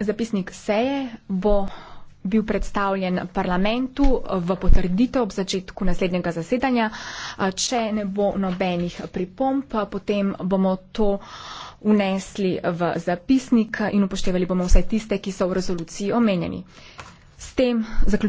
Zapisnik seje bo bil predstavljen parlamentu v potrditev ob začetku naslednjega zasedanja. Če ne bo nobenih pripomp, potem bomo to unesli v zapisnik in upoštevali bomo vse tiste, ki so v rezoluciji omenjeni. S tem zaključujem.